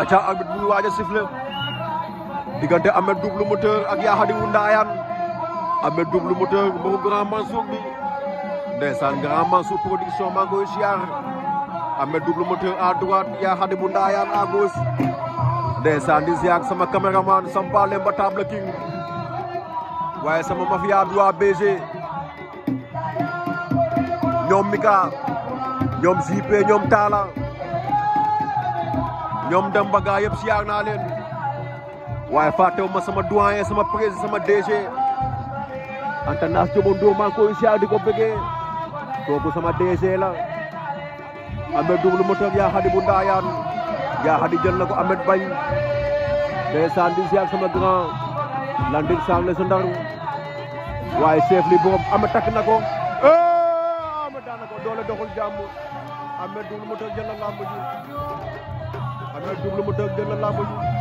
aca arbitre bu waaj a sifflé diggante Ameth Double Moteur ak Yaa wu Ndayane Ameth Double Moteur mbokku Grand Mansour bi ndeysaan Grand Mansour production maa ngi koy siyaar Moteur à droite Yaa wu Ndayane à gauche ndeysaan di siyaar sama caméraman sampalem ba table king waaye sama mafia droit BG ñoom Mika ñoom Zipe ñoom Talla ñoom Demba gaa yëpp siyaar naa leen waaye fàttewuma sama doyen sama président sama DG Antanas Diome Ndour maa ngi siyaar di ko bëggee kooku sama DG la Ahmed double moteur yaa xadi bu ndaayaan yaa xadi jël na ko Ahmed bañ siyaar sama grand Landing Sall la sa waaye chef li borom Ahmed takk na ko Ahmed daan na ko doole doxul jàmm Ahmed double moteur jël na lamb ji am na jublu mu dëgg gën a làmb ji